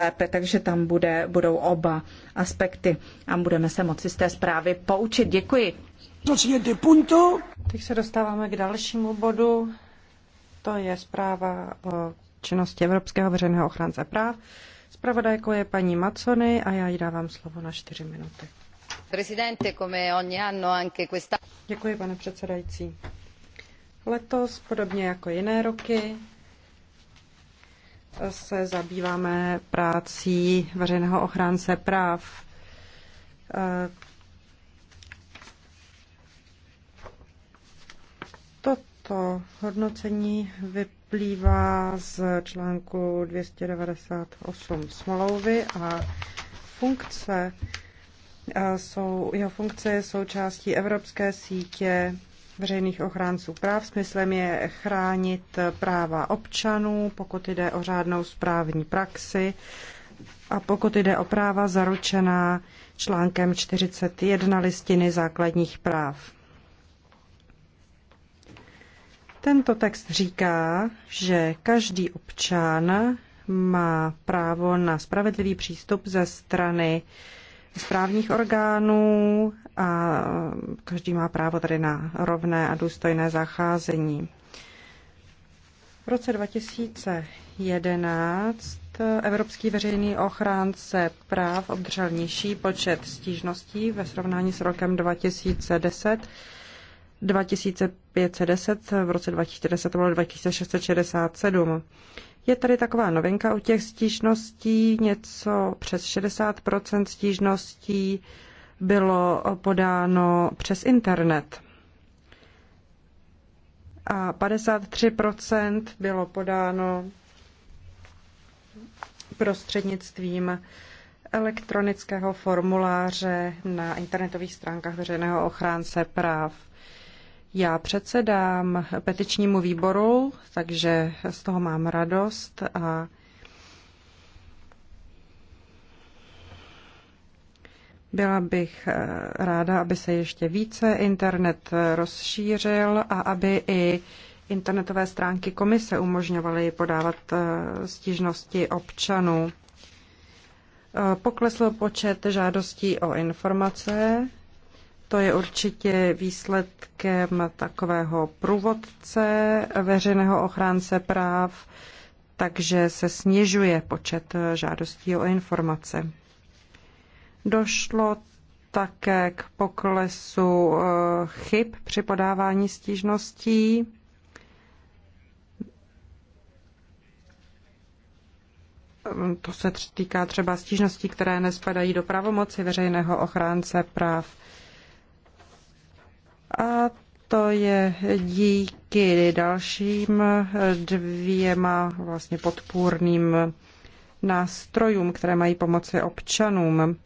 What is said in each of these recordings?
lépe, takže tam bude, budou oba aspekty a budeme se moci z té zprávy poučit. Děkuji. Teď se dostáváme k dalšímu bodu. To je zpráva o činnosti Evropského veřejného ochránce práv. Zpravodajkou je paní Macony a já jí dávám slovo na čtyři minuty. Presidente, come ogni anno anche questa... Děkuji, pane předsedající. Letos, podobně jako jiné roky, se zabýváme prácí veřejného ochránce práv. Toto hodnocení vyplývá z článku 298 smlouvy a funkce eh, jsou, jeho funkce je součástí Evropské sítě veřejných ochránců práv. Smyslem je chránit práva občanů, pokud jde o řádnou správní praxi a pokud jde o práva zaručená článkem 41 listiny základních práv. Tento text říká, že každý občan má právo na spravedlivý přístup ze strany správních orgánů a každý má právo tady na rovné a důstojné zacházení. V roce 2011 Evropský veřejný ochránce práv obdržel nižší počet stížností ve srovnání s rokem 2010. 2510, v roce 2010 to bylo 2667. Je tady taková novinka u těch stížností, něco přes 60% stížností bylo podáno přes internet. A 53% bylo podáno prostřednictvím elektronického formuláře na internetových stránkách veřejného ochránce práv. Já předsedám petičnímu výboru, takže z toho mám radost a Byla bych eh, ráda, aby se ještě více internet rozšířil a aby i internetové stránky komise umožňovaly podávat eh, stížnosti občanů. Eh, poklesl počet žádostí o informace to je určitě výsledkem takového průvodce veřejného ochránce práv, takže se snižuje počet žádostí o informace. Došlo také k poklesu eh, chyb při podávání stížností. To se týká třeba stížností, které nespadají do pravomoci veřejného ochránce práv. A to je díky dalším dvěma vlastně podpůrným nástrojům, které mají pomoci občanům.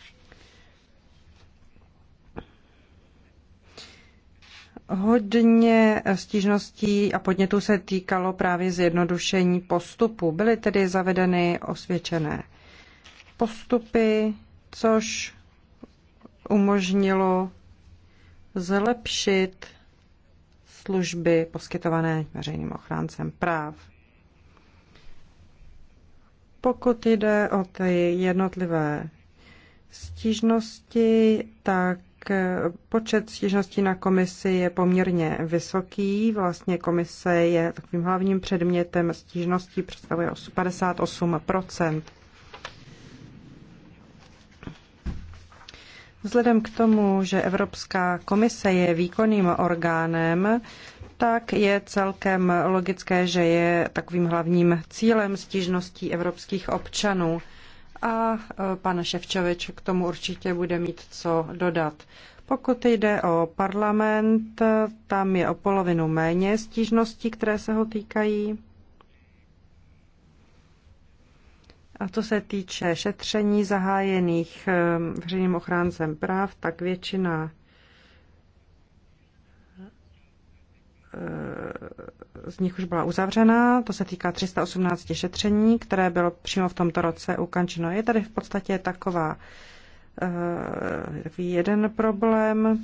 Hodně stížností a podnětů se týkalo právě zjednodušení postupu. Byly tedy zavedeny osvědčené postupy, což umožnilo zlepšit služby poskytované veřejným ochráncem práv. Pokud jde o ty jednotlivé stížnosti, tak počet stížností na komisi je poměrně vysoký. Vlastně komise je takovým hlavním předmětem stížností, představuje 58 Vzhledem k tomu, že Evropská komise je výkonným orgánem, tak je celkem logické, že je takovým hlavním cílem stížností evropských občanů. A e, pan Ševčovič k tomu určitě bude mít co dodat. Pokud jde o parlament, tam je o polovinu méně stížností, které se ho týkají. A co se týče šetření zahájených eh, veřejným ochráncem práv, tak většina eh, z nich už byla uzavřena. To se týká 318 šetření, které bylo přímo v tomto roce ukončeno. Je tady v podstatě taková eh, takový jeden problém,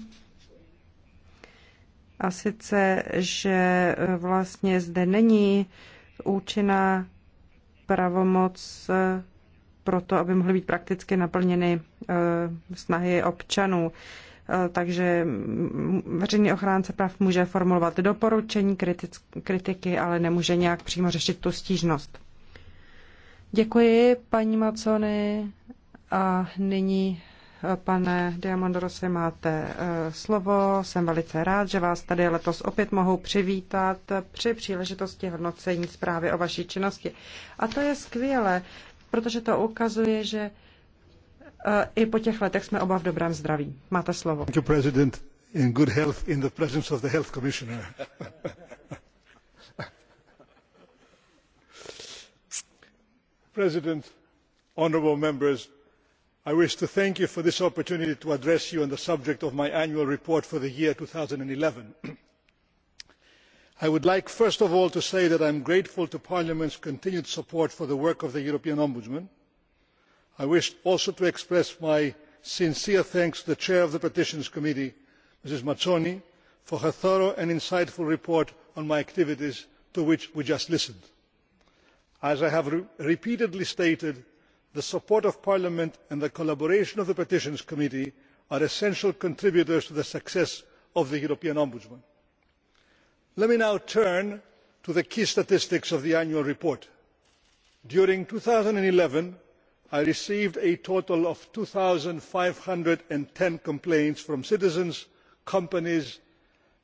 a sice, že vlastně zde není účinná pravomoc eh, pro to, aby mohly být prakticky naplněny eh, snahy občanů. Eh, takže veřejný ochránce práv může formulovat doporučení, kritiky, ale nemůže nějak přímo řešit tu stížnost. Děkuji, paní Macony. A nyní Pane Diamondorose, máte eh, slovo. Jsem velice rád, že vás tady letos opět mohu přivítat při příležitosti hodnocení zprávy o vaší činnosti. A to je skvělé, protože to ukazuje, že eh, i po těch letech jsme oba v dobrém zdraví. Máte slovo. Thank you, President. In good health in the presence of the health commissioner. President, honorable members, i wish to thank you for this opportunity to address you on the subject of my annual report for the year. two thousand and eleven i would like first of all to say that i am grateful for parliament's continued support for the work of the european ombudsman. i wish also to express my sincere thanks to the chair of the petitions committee mrs mazzoni for her thorough and insightful report on my activities to which we just listened. as i have repeatedly stated the support of parliament and the collaboration of the petitions committee are essential contributors to the success of the european ombudsman. let me now turn to the key statistics of the annual report. during two thousand and eleven i received a total of two five hundred and ten complaints from citizens companies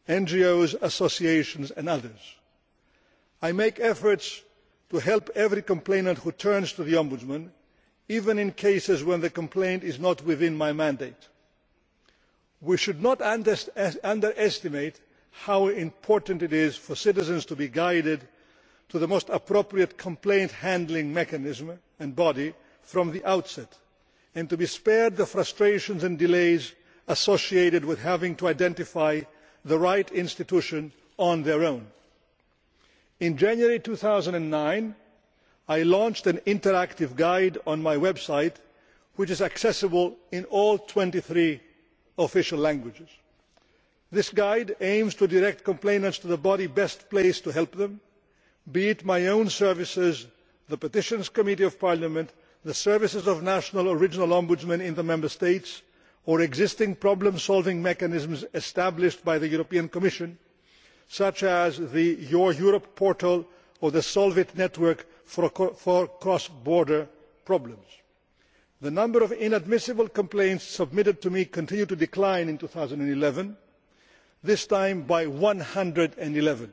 ngos associations and others. i make efforts to help every complainant who turns to the ombudsman even in cases when the complaint is not within my mandate. we should not underestimate how important it is for citizens to be guided to the most appropriate complaint handling mechanism and body from the outset and to be spared the frustrations and delays associated with having to identify the right institution on their own. in january two thousand and nine i launched an interactive guide on my website which is accessible in all twenty three official languages. this guide aims to direct complainants to the body best placed to help them be it my own services the petitions committee of parliament the services of national or regional ombudsmen in the member states or existing problem solving mechanisms established by the european commission such as the your europe portal or the solvit network for cross border problems. the number of inadmissible complaints submitted to me continued to decline in two thousand and eleven this time by one hundred and eleven.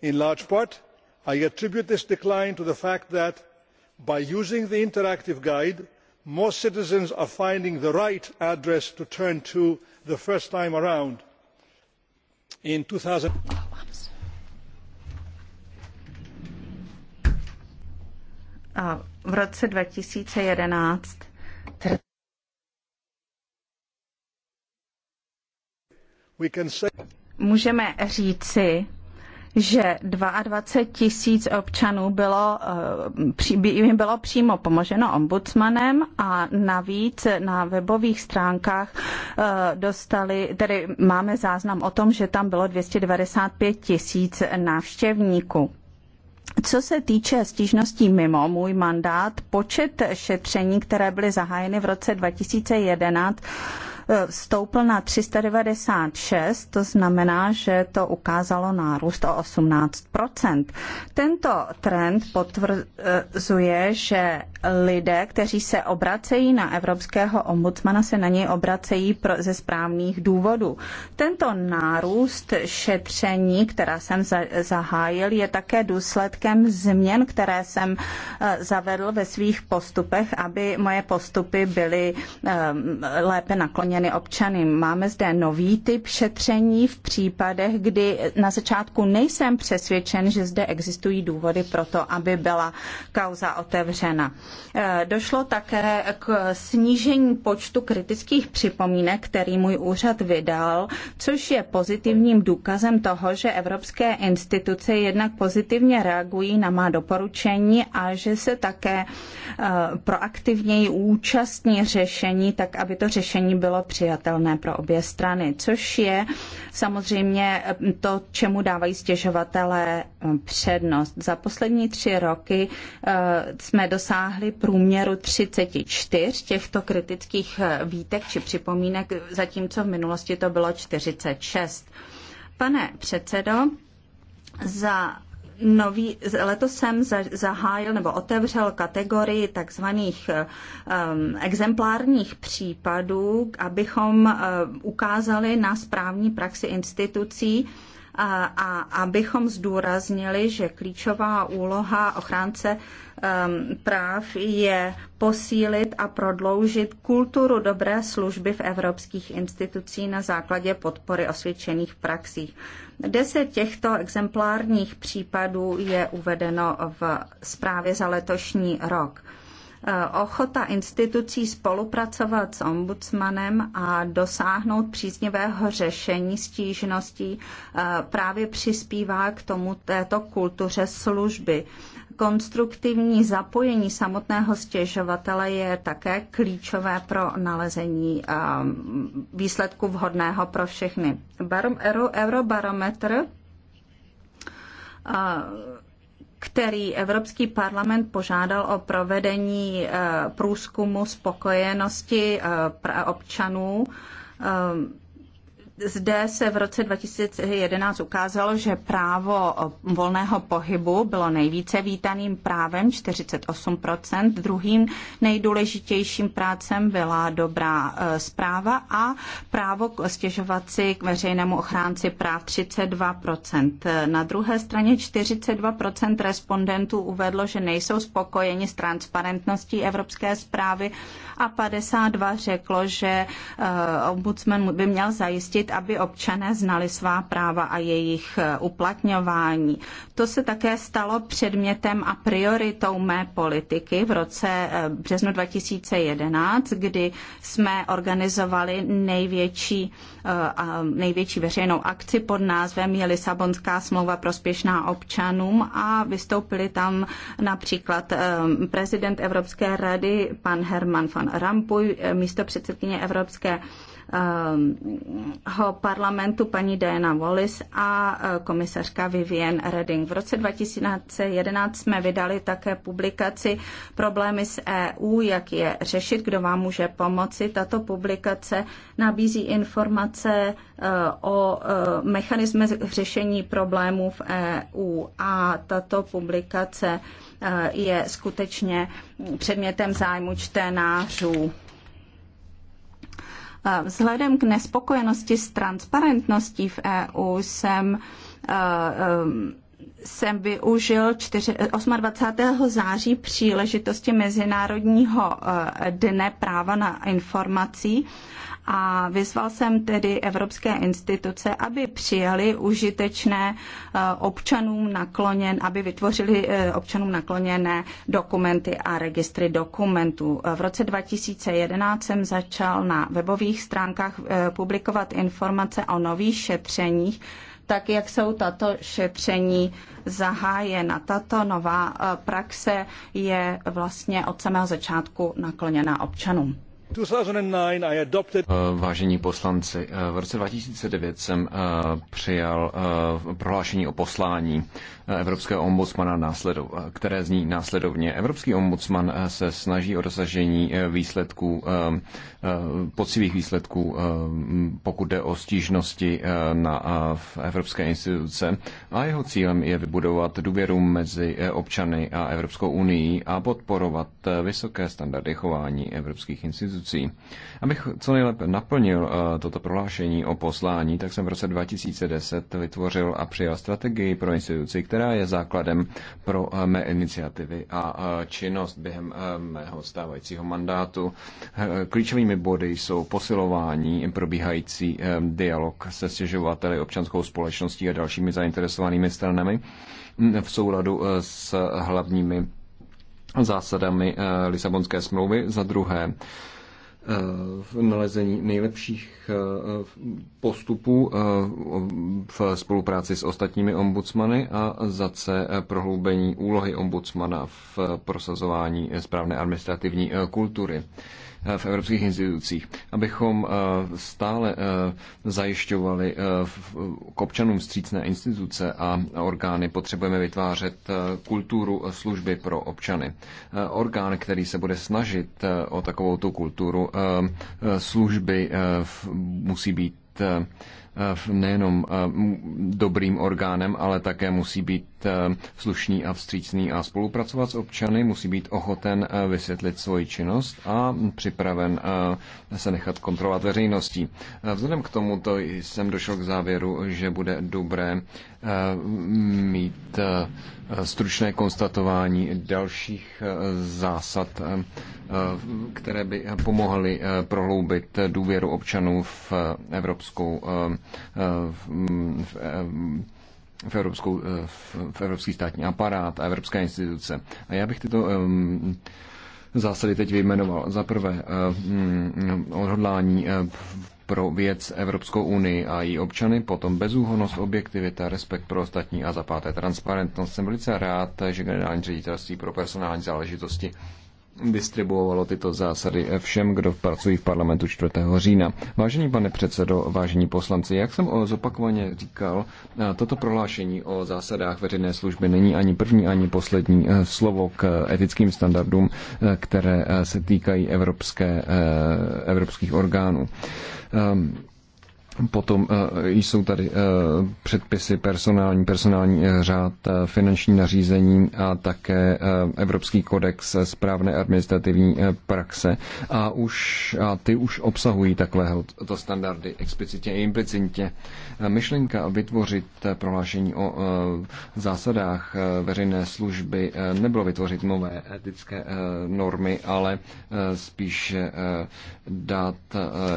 in large part i attribute this decline to the fact that by using the interactive guide more citizens are finding the right address to turn to the first time around. in two thousand a v roce 2011 můžeme říci, že 22 tisíc občanů bylo, eh, jim bylo přímo pomoženo ombudsmanem a navíc na webových stránkách eh, dostali, tedy máme záznam o tom, že tam bylo 295 tisíc návštěvníků co se týče stížností mimo můj mandát, počet šetření, které byly zahájeny v roce 2011, E, stoupl na 396, to znamená, že to ukázalo nárůst o 18 Tento trend potvrzuje, že lidé, kteří se obracejí na evropského ombudsmana, se na něj obracejí ze správných důvodů. Tento nárůst šetření, která jsem zahájil, je také důsledkem změn, které jsem e, zavedl ve svých postupech, aby moje postupy byly e, lépe nakloněny nabízeny občany. Máme zde nový typ šetření v případech, kdy na začátku nejsem přesvědčen, že zde existují důvody pro to, aby byla kauza otevřena. E, došlo také k snížení počtu kritických připomínek, který můj úřad vydal, což je pozitivním důkazem toho, že evropské instituce jednak pozitivně reagují na má doporučení a že se také e, proaktivněji účastní řešení, tak aby to řešení bylo přijatelné pro obě strany, což je samozřejmě to, čemu dávají stěžovatelé eh, přednost. Za poslední tři roky eh, jsme dosáhli průměru 34 těchto kritických eh, výtek či připomínek, zatímco v minulosti to bylo 46. Pane předsedo, za nový, letos jsem zahájil nebo otevřel kategorii takzvaných um, exemplárních případů, abychom uh, ukázali na správní praxi institucí, a, abychom zdůraznili, že klíčová úloha ochránce um, práv je posílit a prodloužit kulturu dobré služby v evropských institucí na základě podpory osvědčených praxí. Deset těchto exemplárních případů je uvedeno v zprávě za letošní rok. Eh, ochota institucí spolupracovat s ombudsmanem a dosáhnout příznivého řešení stížností eh, právě přispívá k tomu této kultuře služby. Konstruktivní zapojení samotného stěžovatele je také klíčové pro nalezení eh, výsledku vhodného pro všechny. Barom, eurobarometr který Evropský parlament požádal o provedení eh, průzkumu spokojenosti eh, občanů eh, zde se v roce 2011 ukázalo, že právo eh, volného pohybu bylo nejvíce vítaným právem 48%, druhým nejdůležitějším prácem byla dobrá eh, zpráva a právo stěžovat si k veřejnému ochránci práv 32%. Na druhé straně 42% respondentů uvedlo, že nejsou spokojeni s transparentností evropské zprávy a 52 řeklo, že eh, ombudsman by měl zajistit zajistit, aby občané znali svá práva a jejich eh, uplatňování. To se také stalo předmětem a prioritou mé politiky v roce eh, březnu 2011, kdy jsme organizovali největší největší veřejnou akci pod názvem je Lisabonská smlouva prospěšná občanům a vystoupili tam například eh, prezident Evropské rady pan Herman van Rampuy, místo předsedkyně Evropské eh, ho parlamentu paní Diana Wallis a eh, komisařka Vivienne Redding. V roce 2011 jsme vydali také publikaci Problémy s EU, jak je řešit, kdo vám může pomoci. Tato publikace nabízí informace informace eh, o eh, mechanismech řešení problémů v EU a tato publikace eh, je skutečně předmětem zájmu čtenářů. Vzhledem k nespokojenosti s transparentností v EU jsem jsem využil 28. září příležitosti Mezinárodního dne práva na informací a vyzval jsem tedy evropské instituce, aby přijali užitečné eh, občanům nakloněn, aby vytvořili eh, občanům nakloněné dokumenty a registry dokumentů. V roce 2011 jsem začal na webových stránkách eh, publikovat informace o nových šetřeních, tak jak jsou tato šetření zahájena. Tato nová praxe je vlastně od samého začátku nakloněna občanům. Eh, vážení poslanci, eh, v roce 2009 jsem eh, přijal prohlášení o poslání. Evropského ombudsmana, následov, které zní následovně. Evropský ombudsman eh, se snaží o dosažení eh, výsledků, eh, pocivých výsledků, pokud jde o stížnosti na evropské instituce a jeho cílem je vybudovat důvěru mezi občany a Evropskou unii a podporovat vysoké standardy chování evropských institucí. Abych co nejlépe naplnil toto prohlášení o poslání, tak jsem v roce 2010 vytvořil a přijal strategii pro instituci, která je základem pro eh, mé iniciativy a eh, činnost během eh, mého stávajícího mandátu. Klíčovými body jsou posilování, probíhající dialog se stěžovateli, občanskou společností a dalšími zainteresovanými stranami hm, v souladu s hlavními zásadami Lisabonské smlouvy. Za druhé, v nalezení nejlepších eh, postupů eh, v spolupráci s ostatními ombudsmany a za C eh, prohloubení úlohy ombudsmana v prosazování správné administrativní kultury v evropských institucích, abychom eh, stále eh, zajišťovali eh, k občanům střícné instituce a orgány, potřebujeme vytvářet kulturu služby pro občany. Orgán, který se bude snažit o takovou tu kulturu služby, musí být nejenom dobrým orgánem, ale také musí být Eh, slušný a vstřícný a spolupracovat s občany, musí být ochoten eh, vysvětlit svoji činnost a připraven eh, se nechat kontrolovat veřejností. Vzhledem k tomu to jsem došel k závěru, že bude dobré mít stručné konstatování dalších zásad, které by pomohly prohloubit důvěru občanů v evropskou v mm, v, evropskou, eh, v evropský státní aparát a evropské instituce. A já bych tyto um, zásady teď vyjmenoval. Za prvé um, odhodlání um, pro věc Evropskou unii a její občany, potom bezúhonost, objektivita, respekt pro ostatní a za páté transparentnost. Jsem velice rád, že generální ředitelství pro personální záležitosti distribuovalo tyto zásady všem, kdo pracují v parlamentu 4. října. Vážený pane předsedo, vážení poslanci, jak jsem zopakovaně říkal, toto prohlášení o zásadách veřejné služby není ani první, ani poslední e, slovo k etickým standardům, e, které e, se týkají evropské, evropských orgánů. Ehm, Potom eh, jsou tady eh, předpisy personální, personální eh, řád, finanční nařízení a také Evropský kodex správné administrativní praxe. A, už, a ty už obsahují takového to standardy explicitně i implicitně. Myšlenka vytvořit prohlášení o zásadách veřejné služby nebylo vytvořit nové etické normy, ale spíše dát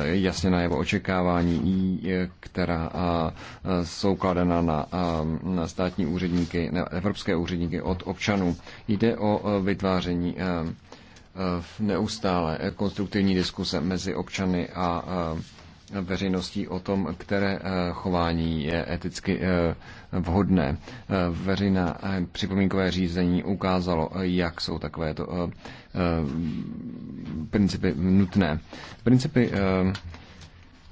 jasně najevo očekávání Eh, která eh, jsou kladena eh, na, státní úředníky, na evropské úředníky od občanů. Jde o vytváření neustále konstruktivní diskuse mezi občany a veřejností o tom, které chování je eticky vhodné. Veřejná připomínkové řízení ukázalo, jak jsou takovéto principy nutné. Principy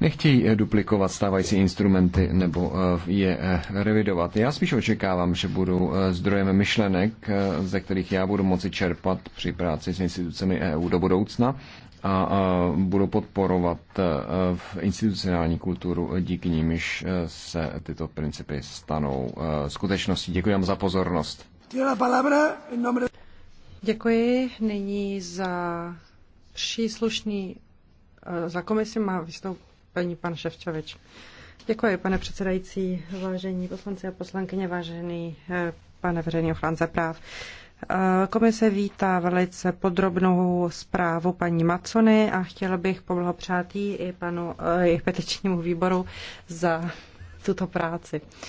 nechtějí eh, duplikovat stávající instrumenty nebo eh, je eh, revidovat. Já spíš očekávám, že budou zdrojem myšlenek, ze kterých já budu moci čerpat při práci s institucemi EU do budoucna a budu podporovat v institucionální kulturu, díky nímž se tyto principy stanou skutečností. Děkuji vám za pozornost. Děkuji. Nyní za příslušný za komisi má vystoupit paní pan Ševčovič. Děkuji, pane předsedající, vážení poslanci a poslankyně, vážený eh, pane veřejný ochránce práv. Eh, komise vítá velice podrobnou zprávu paní Macony a chtěla bych poblahopřát jí i panu eh, i petičnímu výboru za tuto práci. Uh,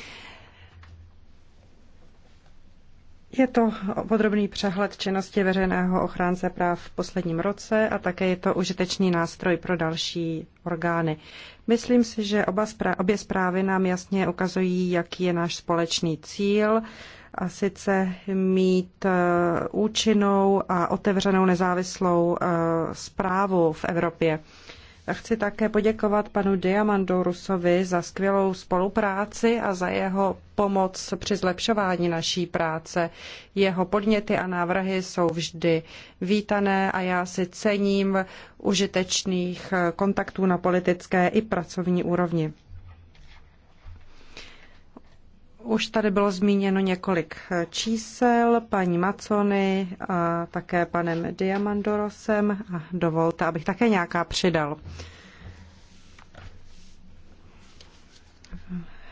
Je to podrobný přehled činnosti veřejného ochránce práv v posledním roce a také je to užitečný nástroj pro další orgány. Myslím si, že oba zpráv, obě zprávy nám jasně ukazují, jaký je náš společný cíl, a sice mít e, účinnou a otevřenou nezávislou zprávu e, v Evropě. Chci také poděkovat panu Rusovi za skvělou spolupráci a za jeho pomoc při zlepšování naší práce. Jeho podněty a návrhy jsou vždy vítané a já si cením užitečných kontaktů na politické i pracovní úrovni. Už tady bylo zmíněno několik eh, čísel paní Macony a také panem Diamandorosem a dovolte, abych také nějaká přidal.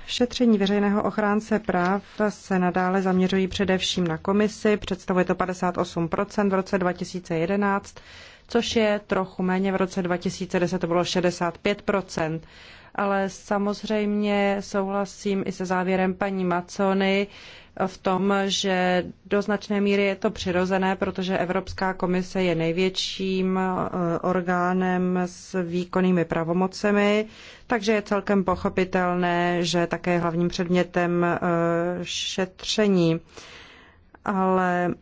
Šetření veřejného ochránce práv se nadále zaměřují především na komisi, představuje to 58% v roce 2011, což je trochu méně, v roce 2010 to bylo 65% ale samozřejmě souhlasím i se závěrem paní Macony v tom, že do značné míry je to přirozené, protože Evropská komise je největším eh, orgánem s výkonnými pravomocemi, takže je celkem pochopitelné, že také hlavním předmětem eh, šetření. Ale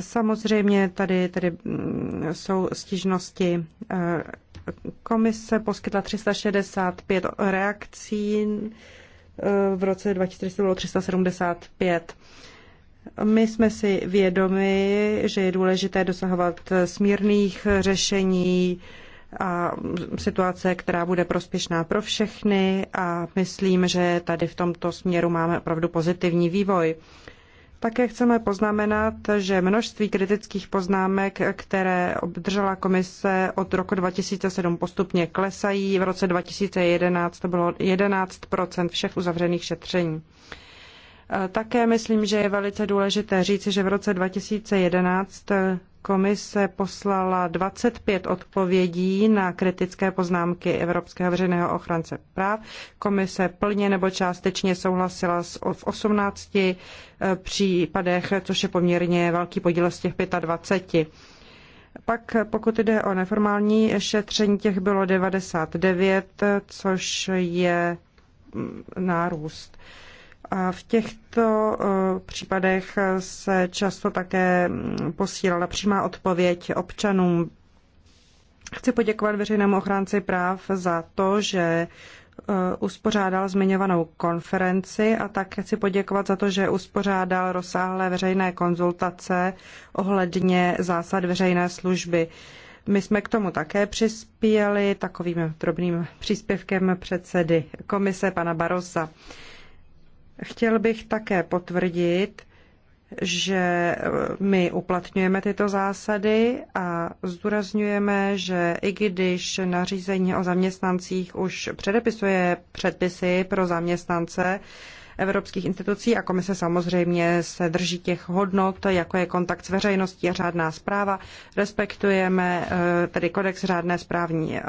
Samozřejmě tady, tady mm, jsou stížnosti eh, Komise poskytla 365 reakcí, eh, v roce 2014 bylo 375. My jsme si vědomi, že je důležité dosahovat smírných řešení a situace, která bude prospěšná pro všechny a myslím, že tady v tomto směru máme opravdu pozitivní vývoj. Také chceme poznamenat, že množství kritických poznámek, které obdržela komise od roku 2007 postupně klesají. V roce 2011 to bylo 11 všech uzavřených šetření. Také myslím, že je velice důležité říci, že v roce 2011 Komise poslala 25 odpovědí na kritické poznámky Evropského veřejného ochránce práv. Komise plně nebo částečně souhlasila v 18 eh, případech, což je poměrně velký podíl z těch 25. Pak pokud jde o neformální šetření, těch bylo 99, což je mm, nárůst. A v těchto eh, případech se často také mm, posílala přímá odpověď občanům. Chci poděkovat veřejnému ochránci práv za to, že eh, uspořádal zmiňovanou konferenci a také chci poděkovat za to, že uspořádal rozsáhlé veřejné konzultace ohledně zásad veřejné služby. My jsme k tomu také přispěli takovým drobným příspěvkem předsedy komise pana Barosa. Chtěl bych také potvrdit, že eh, my uplatňujeme tyto zásady a zdůrazňujeme, že i když nařízení o zaměstnancích už předepisuje předpisy pro zaměstnance, evropských institucí a komise samozřejmě se drží těch hodnot, jako je kontakt s veřejností a řádná zpráva. Respektujeme eh, tedy kodex řádné správní eh,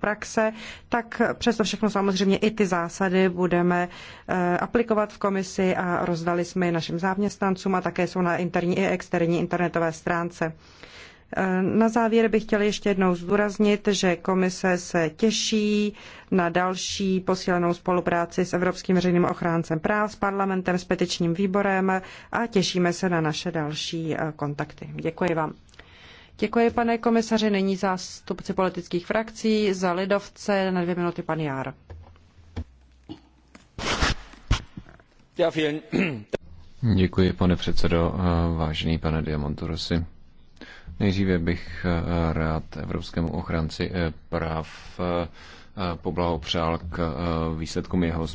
praxe, tak přesto všechno samozřejmě i ty zásady budeme eh, aplikovat v komisi a rozdali jsme je našim zaměstnancům a také jsou na interní i externí internetové stránce. Na závěr bych chtěla ještě jednou zdůraznit, že komise se těší na další posílenou spolupráci s Evropským veřejným ochráncem práv, s parlamentem, s petičním výborem a těšíme se na naše další eh, kontakty. Děkuji vám. Děkuji, pane komisaři. Není zástupci politických frakcí. Za lidovce na dvě minuty pan Jár. Děkuji, pane předsedo. Eh, vážený pane Diamanturosi. Nejdříve bych eh, rád Evropskému ochranci eh, práv eh, poblahopřál k výsledkům jeho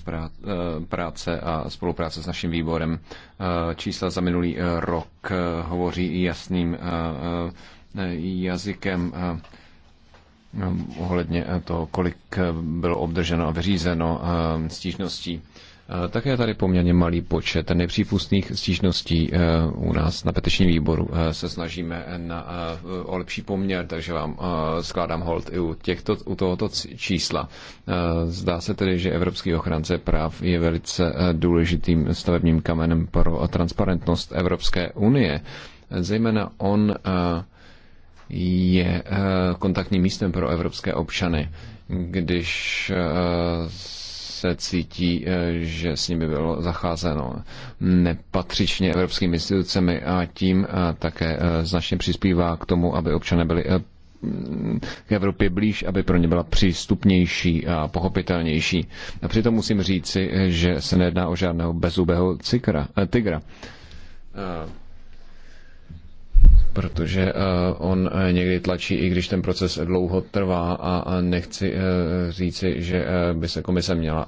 práce a spolupráce s naším výborem. Čísla za minulý rok hovoří jasným jazykem ohledně toho, kolik bylo obdrženo a vyřízeno stížností. Také je tady poměrně malý počet nepřípustných stížností eh, u nás na petičním výboru. Eh, se snažíme na, eh, o lepší poměr, takže vám skládám hold i u, těchto, u tohoto čísla. Zdá se tedy, že Evropský ochránce práv je velice důležitým stavebním kamenem pro transparentnost Evropské unie. Zejména on je kontaktním místem pro evropské občany. Když se cítí, eh, že s nimi bylo zacházeno nepatřičně evropskými institucemi a tím eh, také eh, značně přispívá k tomu, aby občané byli k Evropě blíž, aby pro ně byla přístupnější a pochopitelnější. A přitom musím říci, že se nejedná o žádného bezubého cikra, tigra protože eh, on eh, někdy tlačí, i když ten proces dlouho trvá a nechci eh, říci, že by se komise měla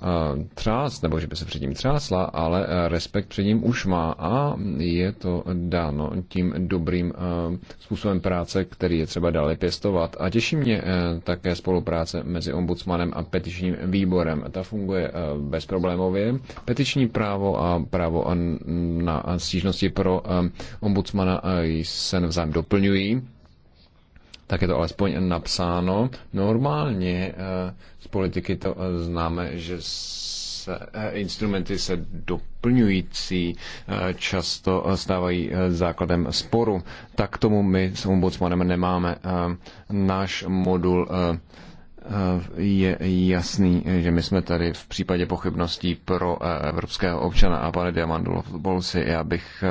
třást, nebo že by se před ním třásla, ale respekt před ním už má a je to dáno tím dobrým způsobem práce, který je třeba dále pěstovat. A těší mě také spolupráce mezi ombudsmanem a petičním výborem. Ta funguje bezproblémově. Petiční právo a právo na stížnosti pro ombudsmana jsou se navzájem doplňují, tak je to alespoň napsáno. Normálně eh, z politiky to eh, známe, že se, eh, instrumenty se doplňující často stávají základem sporu. Tak tomu my s ombudsmanem nemáme. Náš modul je jasný, že my jsme tady v případě pochybností pro eh, evropského občana a pane si. Já bych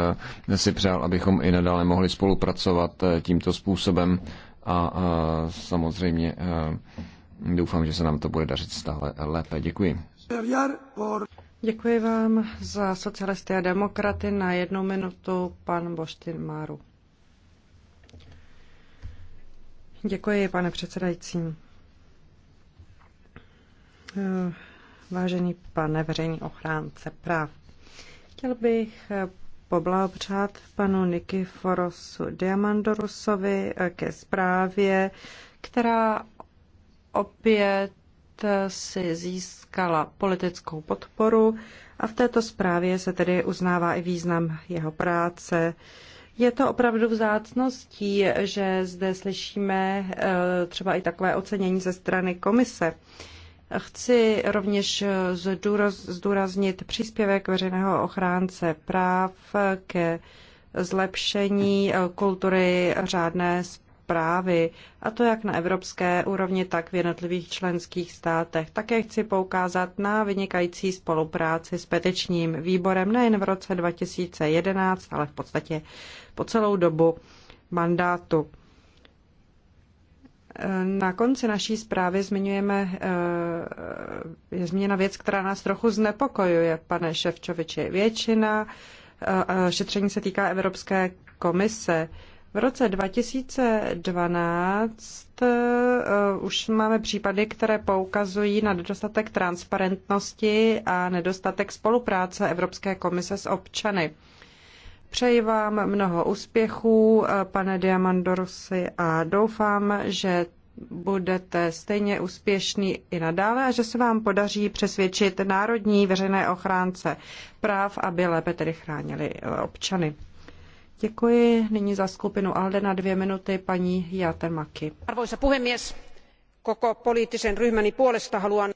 eh, si přál, abychom i nadále mohli spolupracovat eh, tímto způsobem a samozřejmě doufám, že se nám to bude dařit stále lépe. Děkuji. Děkuji vám za socialisty a demokraty. Na jednu minutu pan Boštin Máru. Děkuji, pane předsedající. Vážený pane veřejný ochránce práv, chtěl bych poblahopřát panu Nikiforosu Diamandorusovi ke zprávě, která opět si získala politickou podporu a v této zprávě se tedy uznává i význam jeho práce. Je to opravdu vzácností, že zde slyšíme eh, třeba i takové ocenění ze strany komise. Chci rovněž zdůraznit příspěvek veřejného ochránce práv ke zlepšení kultury řádné zprávy, a to jak na evropské úrovni, tak v jednotlivých členských státech. Také chci poukázat na vynikající spolupráci s petičním výborem nejen v roce 2011, ale v podstatě po celou dobu mandátu. Na konci naší zprávy zmiňujeme, eh, je zmíněna věc, která nás trochu znepokojuje, pane Ševčoviči. Většina eh, eh, šetření se týká Evropské komise. V roce 2012 už máme případy, které poukazují na nedostatek transparentnosti a nedostatek spolupráce Evropské komise s občany. Přeji vám mnoho úspěchů, pane Diamandorosi, a doufám, že budete stejně úspěšný i nadále a že se vám podaří přesvědčit národní veřejné ochránce práv, aby lépe tedy chránili občany. Děkuji. Nyní za skupinu ALDE na dvě minuty paní Jatermaki. Arvoisa puhemies, koko poliittisen ryhmäni puolesta haluan...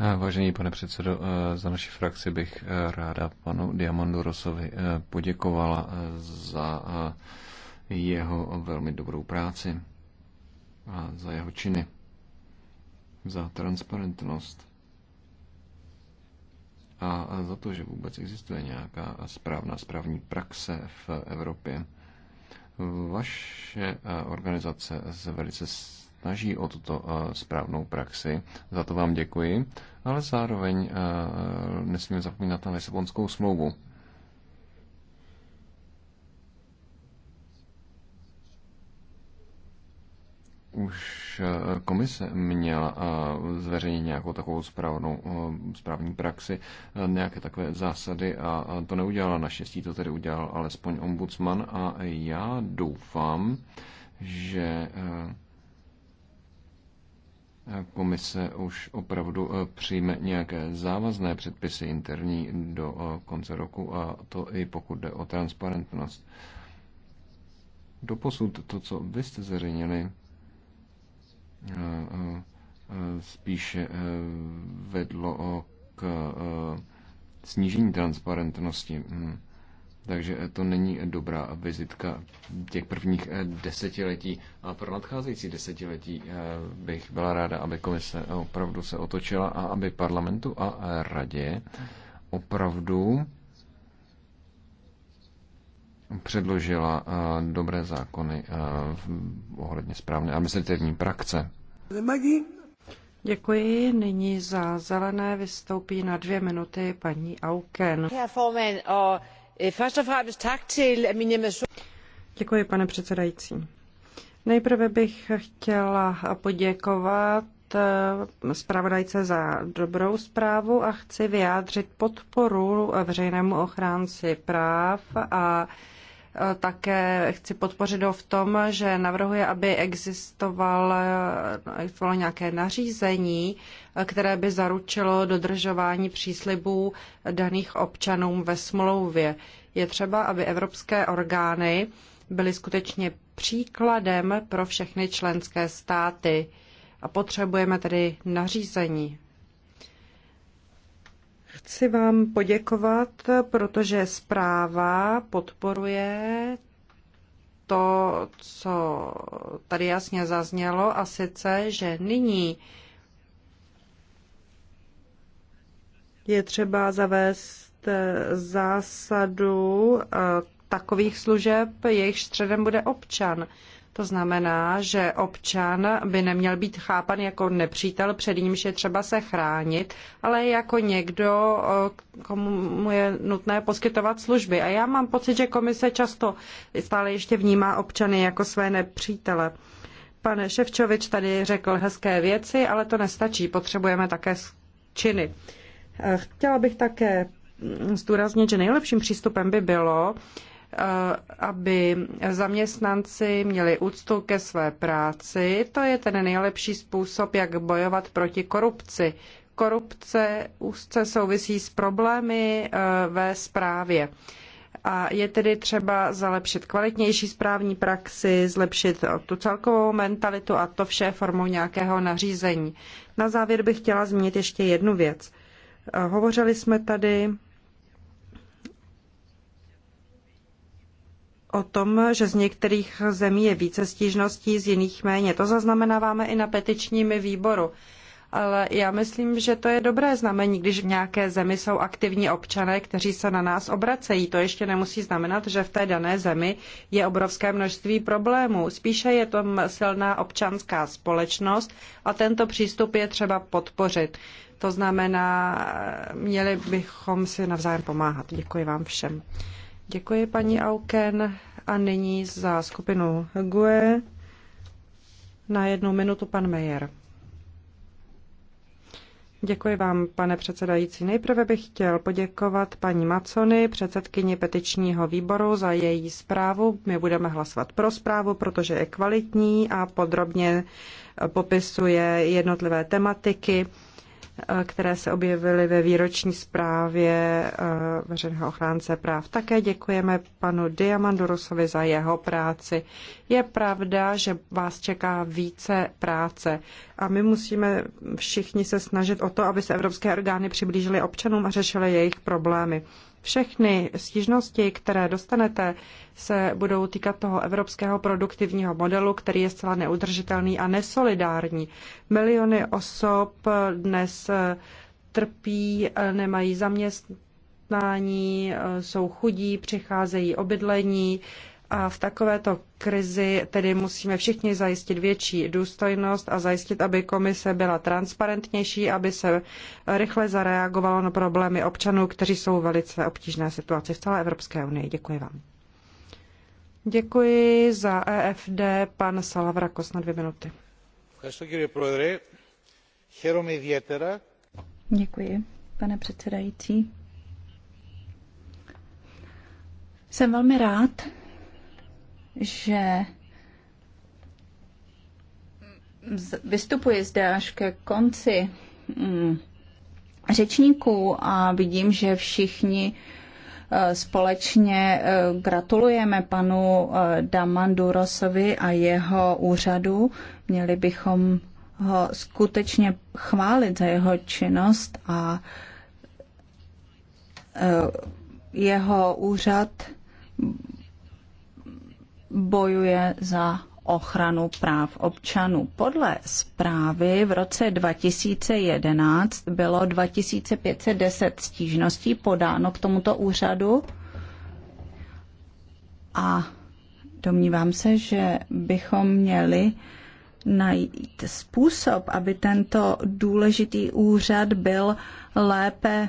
Eh, vážený pane předsedo, eh, za naši frakci bych eh, ráda panu Diamandu Rosovi poděkovala za jeho velmi dobrou práci a za jeho činy, za transparentnost a za to, že vůbec existuje nějaká správná správní praxe v Evropě. Vaše organizace se velice snaží o tuto eh, správnou praxi. Za to vám děkuji, ale zároveň eh, nesmíme zapomínat na Lisabonskou smlouvu. Už eh, komise měla zveřejnit nějakou takovou správnou, správní praxi, nějaké takové zásady a to neudělala. Naštěstí to tedy udělal alespoň ombudsman a já doufám, že komise už opravdu eh, přijme nějaké závazné předpisy interní do eh, konce roku a to i pokud jde o transparentnost. Doposud to, co vy jste zveřejnili, eh, spíše vedlo k snížení transparentnosti. Hmm. Takže eh, to není eh, dobrá vizitka těch prvních eh, desetiletí. A pro nadcházející desetiletí bych byla ráda, aby komise opravdu se otočila a aby parlamentu a radě opravdu předložila dobré zákony ohledně správné administrativní praxe. Děkuji. Nyní za zelené vystoupí na dvě minuty paní Auken. Eh, Děkuji, pane předsedající. Nejprve bych chtěla poděkovat eh, zpravodajce za dobrou zprávu a chci vyjádřit podporu eh, veřejnému ochránci práv a také chci podpořit ho v tom, že navrhuje, aby existoval, existovalo nějaké nařízení, které by zaručilo dodržování příslibů daných občanům ve smlouvě. Je třeba, aby evropské orgány byly skutečně příkladem pro všechny členské státy a potřebujeme tedy nařízení Chci vám poděkovat, protože zpráva podporuje to, co tady jasně zaznělo, a sice, že nyní je třeba zavést eh, zásadu eh, takových služeb, jejich středem bude občan. To znamená, že občan by neměl být chápan jako nepřítel, před nímž je třeba se chránit, ale jako někdo, eh, komu je nutné poskytovat služby. A já mám pocit, že komise často stále ještě vnímá občany jako své nepřítele. Pane Ševčovič tady řekl hezké věci, ale to nestačí. Potřebujeme také činy. Eh, chtěla bych také zdůraznit, že nejlepším přístupem by bylo, Eh, aby zaměstnanci měli úctu ke své práci. To je ten nejlepší způsob, jak bojovat proti korupci. Korupce úzce souvisí s problémy eh, ve správě. A je tedy třeba zalepšit kvalitnější správní praxi, zlepšit tu celkovou mentalitu a to vše formou nějakého nařízení. Na závěr bych chtěla zmínit ještě jednu věc. Eh, hovořili jsme tady o tom, že z některých zemí je více stížností, z jiných méně. To zaznamenáváme i na petičním výboru. Ale já myslím, že to je dobré znamení, když v nějaké zemi jsou aktivní občané, kteří se na nás obracejí. To ještě nemusí znamenat, že v té dané zemi je obrovské množství problémů. Spíše je tam silná občanská společnost a tento přístup je třeba podpořit. To znamená, měli bychom si navzájem pomáhat. Děkuji vám všem. Děkuji paní Auken a nyní za skupinu GUE na jednu minutu pan Mejer. Děkuji vám, pane předsedající. Nejprve bych chtěl poděkovat paní Macony, předsedkyni petičního výboru, za její zprávu. My budeme hlasovat pro zprávu, protože je kvalitní a podrobně popisuje jednotlivé tematiky Eh, které se objevily ve výroční zprávě eh, veřejného ochránce práv. Také děkujeme panu Diamandurusovi za jeho práci. Je pravda, že vás čeká více práce a my musíme všichni se snažit o to, aby se evropské orgány přiblížily občanům a řešily jejich problémy. Všechny stížnosti, které dostanete, se budou týkat toho evropského produktivního modelu, který je zcela neudržitelný a nesolidární. Miliony osob dnes eh, trpí, eh, nemají zaměstnání, eh, jsou chudí, přicházejí obydlení. A v takovéto krizi tedy musíme všichni zajistit větší důstojnost a zajistit, aby komise byla transparentnější, aby se rychle zareagovalo na problémy občanů, kteří jsou v velice obtížné situaci v celé Evropské unii. Děkuji vám. Děkuji za EFD, pan Salavrakos na dvě minuty. Děkuji, pane předsedající. Jsem velmi rád, že vystupuji zde až ke konci mm, řečníků a vidím, že všichni eh, společně eh, gratulujeme panu eh, Damandurosovi a jeho úřadu. Měli bychom ho skutečně chválit za jeho činnost a jeho úřad bojuje za ochranu práv občanů. Podle zprávy v roce 2011 bylo 2510 stížností podáno k tomuto úřadu a domnívám se, že bychom měli najít způsob, aby tento důležitý úřad byl lépe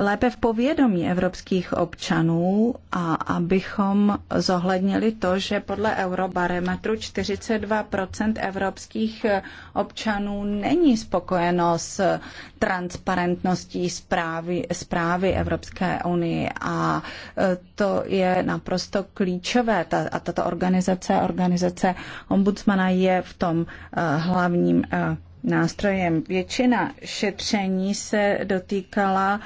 lépe v povědomí evropských občanů a abychom zohlednili to, že podle Eurobarometru 42% evropských občanů není spokojeno s transparentností zprávy, zprávy Evropské unie a e, to je naprosto klíčové. Ta, a tato organizace, organizace ombudsmana je v tom e, hlavním e, nástrojem. Většina šetření se dotýkala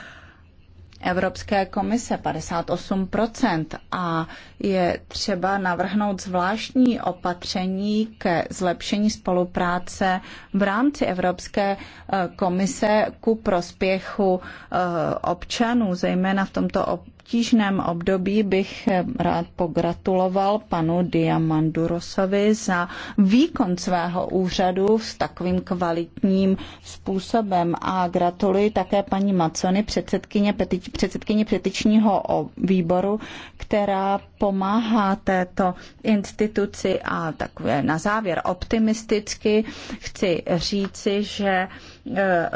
Evropské komise 58% a je třeba navrhnout zvláštní opatření ke zlepšení spolupráce v rámci Evropské eh, komise ku prospěchu eh, občanů, zejména v tomto obtížném období bych rád pogratuloval panu Diamandurosovi za výkon svého úřadu s takovým kvalitním způsobem a gratuluji také paní Macony, předsedkyně, petič, předsedkyně petičního výboru, která pomáhá této instituci a takové na závěr optimisticky chci říci, že e,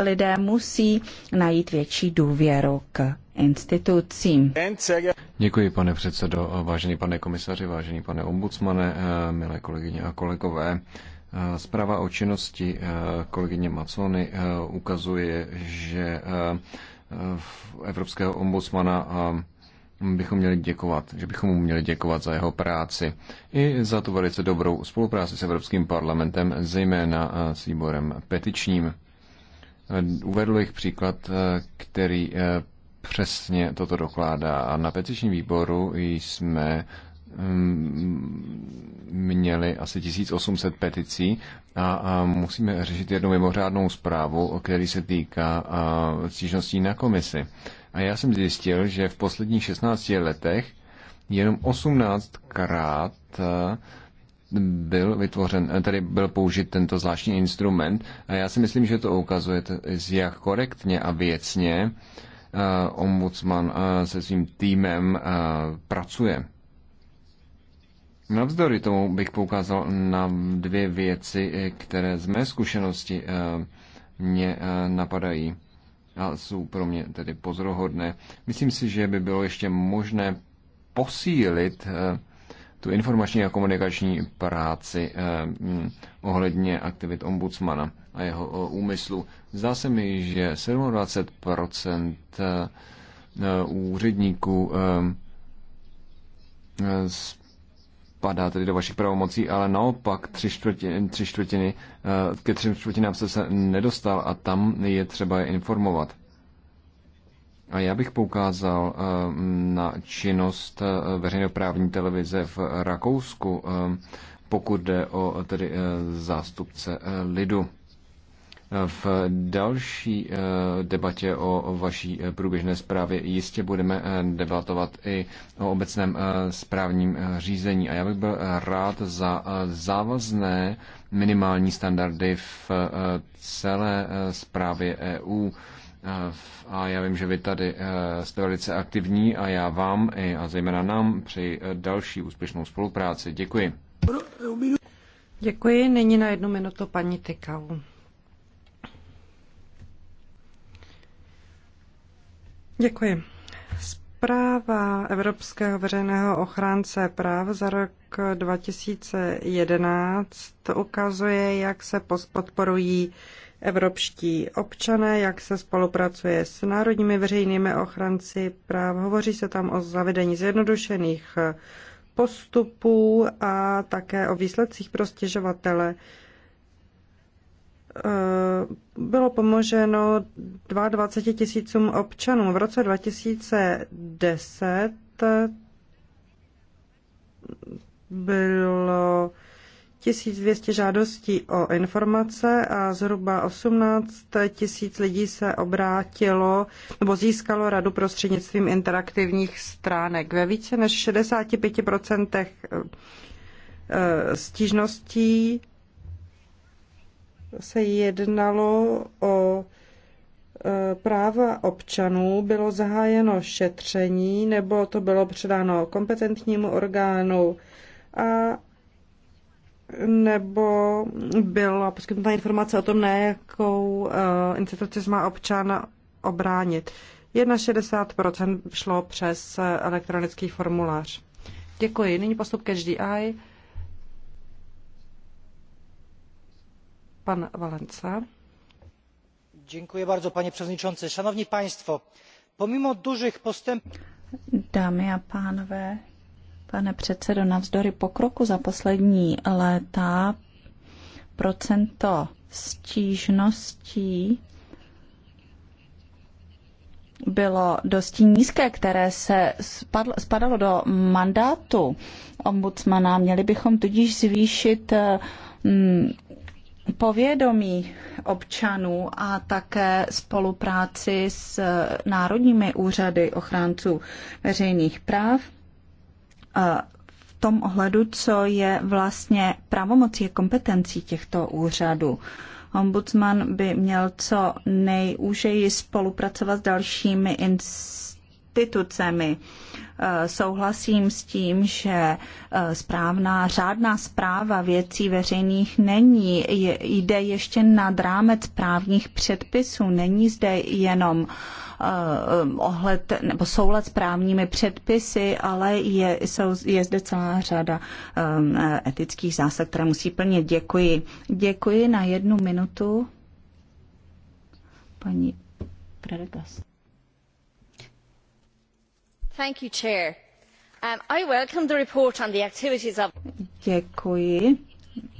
lidé musí najít větší důvěru k institucím. Děkuji, pane předsedo, vážený pane komisaři, vážený pane ombudsmane, eh, milé kolegyně a kolegové. Eh, zpráva o činnosti eh, kolegyně Macony ukazuje, že evropského ombudsmana bychom měli děkovat, že bychom mu měli děkovat za jeho práci i za tu velice dobrou spolupráci s Evropským parlamentem, zejména s výborem petičním. Uvedl bych příklad, který přesně toto dokládá. A na petičním výboru jsme mm, měli asi 1800 peticí a, a musíme řešit jednu mimořádnou zprávu, který se týká stížností na komisi. A já jsem zjistil, že v posledních 16 letech jenom 18krát byl vytvořen, tedy byl použit tento zvláštní instrument a já si myslím, že to ukazuje, jak korektně a věcně uh, Eh, ombudsman eh, se svým týmem eh, pracuje. Navzdory tomu bych poukázal na dvě věci, které z mé zkušenosti mě napadají a jsou pro mě tedy pozoruhodné. Myslím si, že by bylo ještě možné posílit tu informační a komunikační práci eh, mm, ohledně aktivit ombudsmana a jeho eh, úmyslu. Zdá se mi, že 27% eh, úředníků spadá tedy do vašich pravomocí, ale naopak tři čtvrtiny, tři čtvrtiny ke třem čtvrtinám se nedostal a tam je třeba je informovat. A já bych poukázal eh, na činnost eh, veřejnoprávní televize v Rakousku, eh, pokud jde o tedy zástupce lidu. V další debatě o vaší průběžné zprávě jistě budeme debatovat i o obecném správním řízení. A já bych byl rád za závazné minimální standardy v celé zprávě EU Eh, a já vím, že vy tady eh, jste velice aktivní a já vám i a zejména nám přeji eh, další úspěšnou spolupráci. Děkuji. Děkuji. není na jednu minutu paní Tykau. Děkuji. Zpráva Evropského veřejného ochránce práv za rok 2011 ukazuje, jak se podporují evropští občané, jak se spolupracuje s národními veřejnými ochranci práv. Hovoří se tam o zavedení zjednodušených postupů a také o výsledcích pro stěžovatele. Eh, bylo pomoženo 22 tisícům občanům. V roce 2010 bylo 1200 žádostí o informace a zhruba 18 tisíc lidí se obrátilo nebo získalo radu prostřednictvím interaktivních stránek. Ve více než 65% eh, stížností se jednalo o eh, práva občanů, bylo zahájeno šetření nebo to bylo předáno kompetentnímu orgánu a nebo byla poskytnuta informace o tom, na jakou uh, instituci má občan obránit. 61% šlo přes elektronický formulář. Děkuji. Nyní postup ke HDI. Pan Valenca. Děkuji bardzo, paní předsedající. Szanowni państwo, pomimo dużych postępów... Dámy a pánové, Pane předsedo, navzdory pokroku za poslední léta procento stížností bylo dosti nízké, které se spadlo, spadalo do mandátu ombudsmana. Měli bychom tudíž zvýšit mm, povědomí občanů a také spolupráci s národními úřady ochránců veřejných práv v tom ohledu, co je vlastně pravomocí a kompetencí těchto úřadů. Ombudsman by měl co nejúžeji spolupracovat s dalšími institucemi. E, souhlasím s tím, že e, správná, řádná zpráva věcí veřejných není, jde ještě nad rámec právních předpisů. Není zde jenom uh, Eh, eh, ohled nebo soulad s právními předpisy, ale je, jsou, je zde celá řada eh, etických zásad, které musí plnit. Děkuji. Děkuji na jednu minutu. Paní Predegas. Thank you, Chair. Um, I welcome the report on the activities of... Děkuji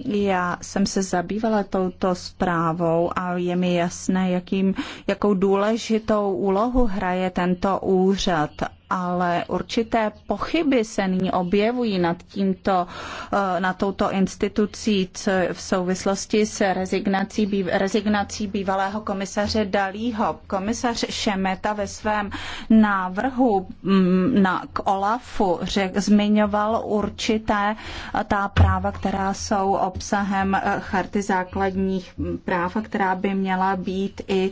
já jsem se zabývala touto zprávou a je mi jasné, jakým, jakou důležitou úlohu hraje tento úřad ale určité pochyby se nyní objevují nad tímto, eh, na touto institucí v souvislosti s rezignací, rezignací bývalého komisaře Dalího. Komisař Šemeta ve svém návrhu mm, na, k OLAFu řek, zmiňoval určité eh, ta práva, která jsou obsahem eh, charty základních mm, práv a která by měla být i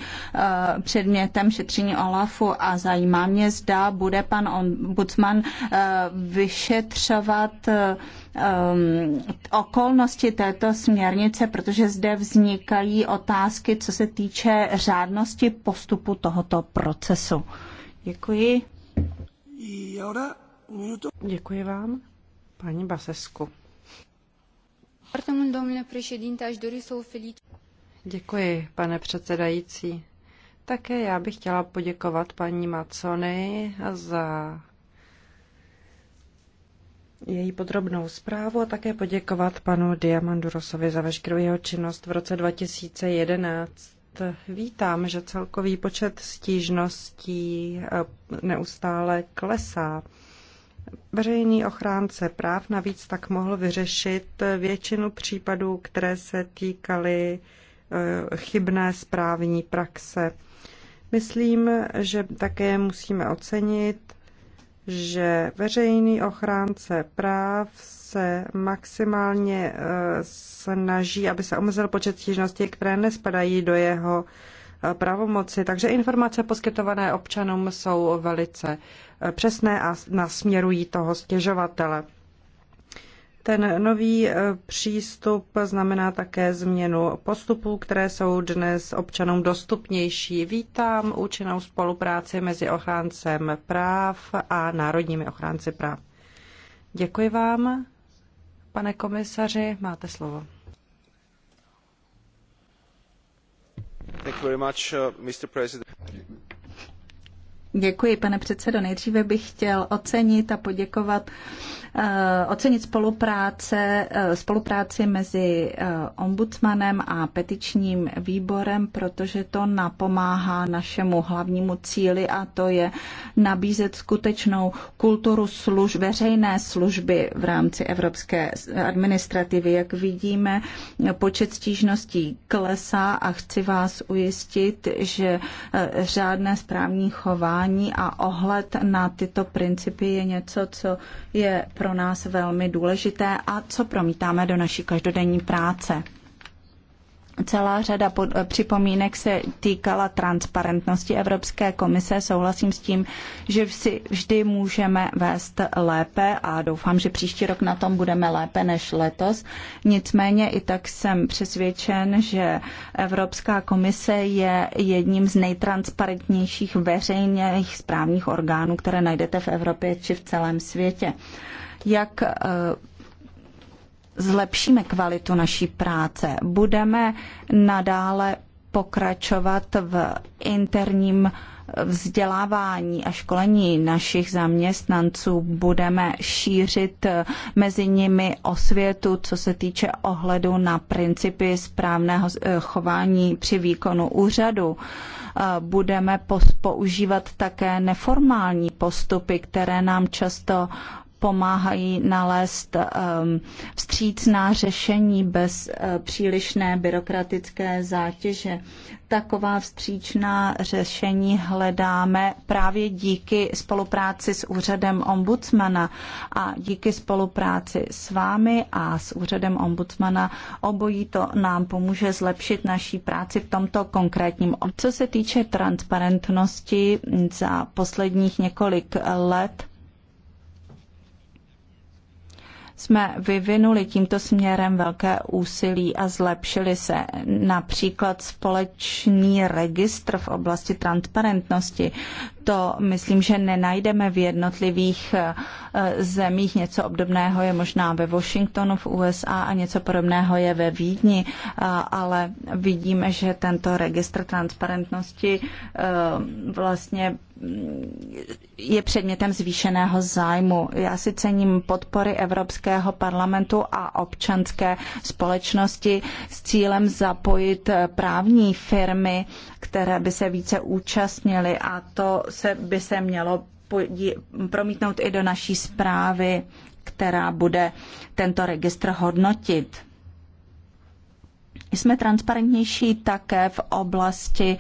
předmětem šetření OLAFu a zajímá mě, zda bude pan ombudsman eh, vyšetřovat eh, eh, okolnosti této směrnice, protože zde vznikají otázky, co se týče řádnosti postupu tohoto procesu. Děkuji. Děkuji vám, paní Basesku. Děkuji, pane předsedající. Také já bych chtěla poděkovat paní Macony za její podrobnou zprávu a také poděkovat panu Diamandu Rosovi za veškerou jeho činnost v roce 2011. Vítám, že celkový počet stížností eh, neustále klesá. Veřejný ochránce práv navíc tak mohl vyřešit většinu případů, které se týkaly eh, chybné správní praxe Myslím, že také musíme ocenit, že veřejný ochránce práv se maximálně eh, snaží, aby se omezil počet stížností, které nespadají do jeho eh, pravomoci. Takže informace poskytované občanům jsou velice eh, přesné a nasměrují toho stěžovatele. Ten nový eh, přístup znamená také změnu postupů, které jsou dnes občanům dostupnější. Vítám účinnou spolupráci mezi ochráncem práv a národními ochránci práv. Děkuji vám, pane komisaři, máte slovo. Thank you very much, uh, Mr. President. Děkuji, pane předsedo. Nejdříve bych chtěl ocenit a poděkovat eh, ocenit spolupráce, eh, spolupráci mezi eh, ombudsmanem a petičním výborem, protože to napomáhá našemu hlavnímu cíli a to je nabízet skutečnou kulturu služ, veřejné služby v rámci evropské administrativy. Jak vidíme, počet stížností klesá a chci vás ujistit, že řádné správní chování vzdělání a ohled na tyto principy je něco, co je pro nás velmi důležité a co promítáme do naší každodenní práce. Celá řada eh, připomínek se týkala transparentnosti Evropské komise. Souhlasím s tím, že si vždy můžeme vést lépe a doufám, že příští rok na tom budeme lépe než letos. Nicméně i tak jsem přesvědčen, že Evropská komise je jedním z nejtransparentnějších veřejných správních orgánů, které najdete v Evropě či v celém světě jak eh, zlepšíme kvalitu naší práce. Budeme nadále pokračovat v interním vzdělávání a školení našich zaměstnanců. Budeme šířit mezi nimi osvětu, co se týče ohledu na principy správného chování při výkonu úřadu. Budeme používat také neformální postupy, které nám často pomáhají nalézt ehm, vstřícná řešení bez eh, přílišné byrokratické zátěže. Taková vstřícná řešení hledáme právě díky spolupráci s úřadem ombudsmana a díky spolupráci s vámi a s úřadem ombudsmana obojí to nám pomůže zlepšit naší práci v tomto konkrétním. Co se týče transparentnosti, za posledních několik let jsme vyvinuli tímto směrem velké úsilí a zlepšili se například společný registr v oblasti transparentnosti to myslím, že nenajdeme v jednotlivých eh, zemích. Něco obdobného je možná ve Washingtonu v USA a něco podobného je ve Vídni, eh, ale vidíme, že tento registr transparentnosti eh, vlastně mm, je předmětem zvýšeného zájmu. Já si cením podpory Evropského parlamentu a občanské společnosti s cílem zapojit právní firmy, které by se více účastnily a to se, by se mělo promítnout i do naší zprávy, která bude tento registr hodnotit. Jsme transparentnější také v oblasti